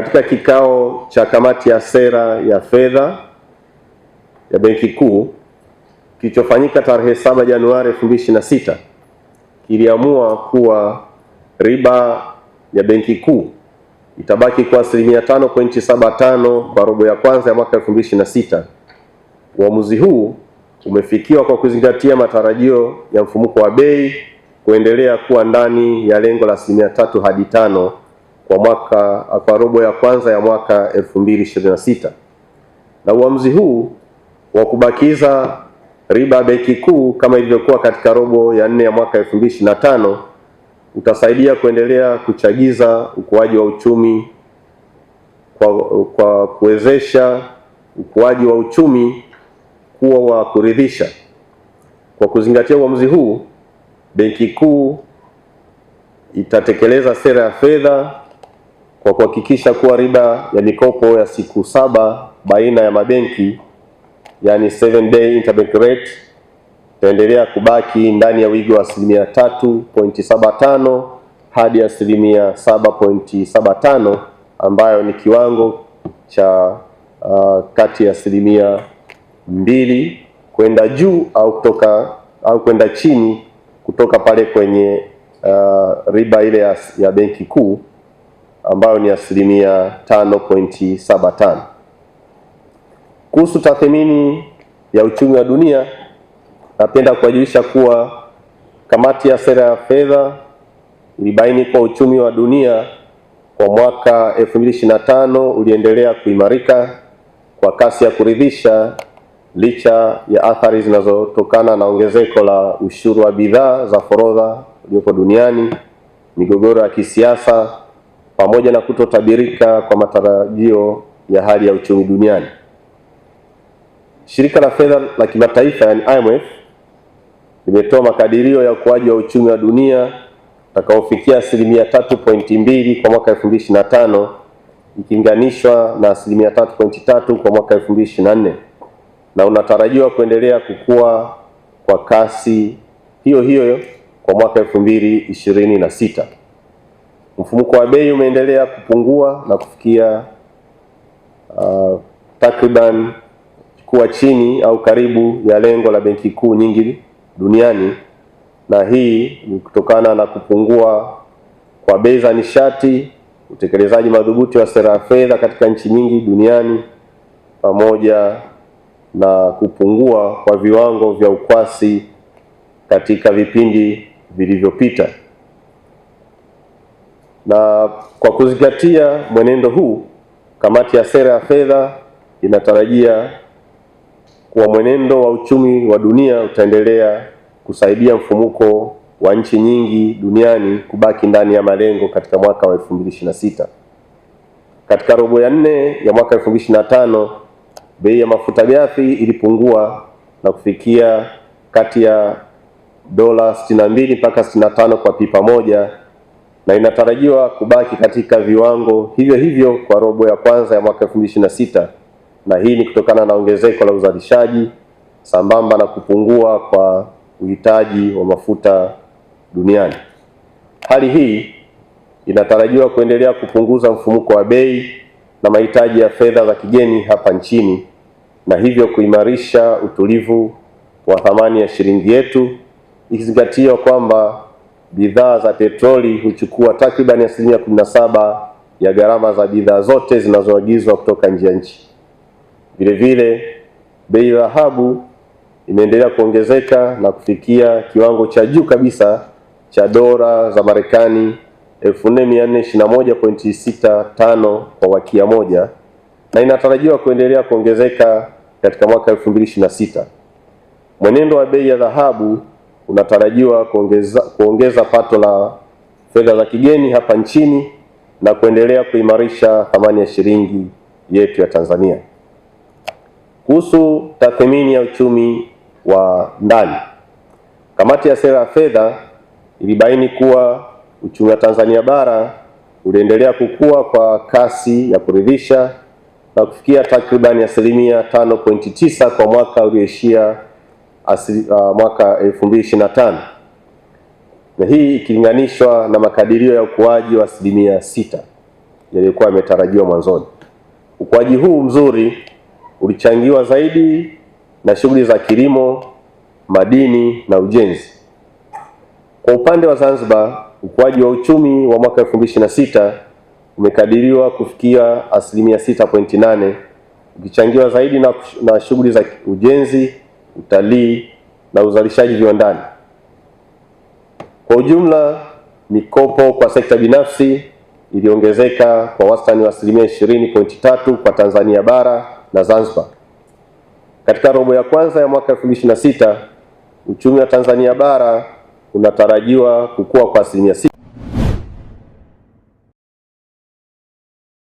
Katika kikao cha kamati ya sera ya fedha ya Benki Kuu kilichofanyika tarehe 7 Januari 2026 kiliamua kuwa riba ya Benki Kuu itabaki kwa asilimia 5.75 kwa robo ya kwanza ya mwaka 2026. Uamuzi huu umefikiwa kwa kuzingatia matarajio ya mfumuko wa bei kuendelea kuwa ndani ya lengo la asilimia tatu hadi tano kwa mwaka kwa robo ya kwanza ya mwaka 2026 na uamuzi huu wa kubakiza riba benki kuu kama ilivyokuwa katika robo ya nne ya mwaka 2025 utasaidia kuendelea kuchagiza ukuaji wa uchumi kwa, kwa kuwezesha ukuaji wa uchumi kuwa wa kuridhisha. Kwa kuzingatia uamuzi huu, benki kuu itatekeleza sera ya fedha kwa kuhakikisha kuwa riba ya mikopo ya siku saba baina ya mabenki yani 7 day interbank rate itaendelea kubaki ndani ya wigo wa asilimia tatu hadi asilimia 7.75 ambayo ni kiwango cha uh, kati ya asilimia mbili kwenda juu au kutoka au kwenda chini kutoka pale kwenye uh, riba ile ya, ya benki kuu ambayo ni asilimia 5.75. Kuhusu tathmini ya uchumi wa dunia, napenda kuwajulisha kuwa kamati ya sera ya fedha ilibaini kuwa uchumi wa dunia kwa mwaka 2025 uliendelea kuimarika kwa kasi ya kuridhisha licha ya athari zinazotokana na ongezeko la ushuru wa bidhaa za forodha ulioko duniani, migogoro ya kisiasa pamoja na kutotabirika kwa matarajio ya hali ya uchumi duniani, shirika la fedha la kimataifa yani IMF limetoa makadirio ya ukuaji wa uchumi wa dunia utakaofikia asilimia 3.2 kwa mwaka 2025 ikilinganishwa na asilimia 3.3 kwa mwaka 2024 na unatarajiwa kuendelea kukua kwa kasi hiyo hiyo kwa mwaka 2026. Mfumuko wa bei umeendelea kupungua na kufikia uh, takriban kuwa chini au karibu ya lengo la benki kuu nyingi duniani, na hii ni kutokana na kupungua kwa bei za nishati, utekelezaji madhubuti wa sera ya fedha katika nchi nyingi duniani, pamoja na kupungua kwa viwango vya ukwasi katika vipindi vilivyopita. Na kwa kuzingatia mwenendo huu, kamati ya sera ya fedha inatarajia kuwa mwenendo wa uchumi wa dunia utaendelea kusaidia mfumuko wa nchi nyingi duniani kubaki ndani ya malengo katika mwaka wa 2026. Katika robo ya nne ya mwaka 2025, bei ya mafuta ghafi ilipungua na kufikia kati ya dola 62 mpaka 65 kwa pipa moja na inatarajiwa kubaki katika viwango hivyo hivyo kwa robo ya kwanza ya mwaka 2026 na hii ni kutokana na ongezeko la uzalishaji sambamba na kupungua kwa uhitaji wa mafuta duniani. Hali hii inatarajiwa kuendelea kupunguza mfumuko wa bei na mahitaji ya fedha za kigeni hapa nchini na hivyo kuimarisha utulivu wa thamani ya shilingi yetu ikizingatiwa kwamba bidhaa za petroli huchukua takribani asilimia 17 ya gharama za bidhaa zote zinazoagizwa kutoka nje ya nchi. Vilevile, bei ya dhahabu imeendelea kuongezeka na kufikia kiwango cha juu kabisa cha dola za Marekani 4421.65 kwa wakia moja na inatarajiwa kuendelea kuongezeka katika mwaka 2026. Mwenendo wa bei ya dhahabu unatarajiwa kuongeza, kuongeza pato la fedha za kigeni hapa nchini na kuendelea kuimarisha thamani ya shilingi yetu ya Tanzania. Kuhusu tathmini ya uchumi wa ndani, kamati ya sera ya fedha ilibaini kuwa uchumi wa Tanzania bara uliendelea kukua kwa kasi ya kuridhisha na kufikia takribani asilimia 5.9 kwa mwaka ulioishia asili, uh, mwaka 2025 na hii ikilinganishwa na makadirio ya ukuaji wa asilimia sita yaliyokuwa yametarajiwa mwanzoni. Ukuaji huu mzuri ulichangiwa zaidi na shughuli za kilimo, madini na ujenzi. Kwa upande wa Zanzibar, ukuaji wa uchumi wa mwaka 2026 umekadiriwa kufikia asilimia 6.8 ukichangiwa zaidi na, na shughuli za ujenzi utalii na uzalishaji viwandani. Kwa ujumla, mikopo kwa sekta binafsi iliongezeka kwa wastani wa asilimia 20.3 kwa Tanzania bara na Zanzibar. Katika robo ya kwanza ya mwaka 2026, uchumi wa Tanzania bara unatarajiwa kukua kwa asilimia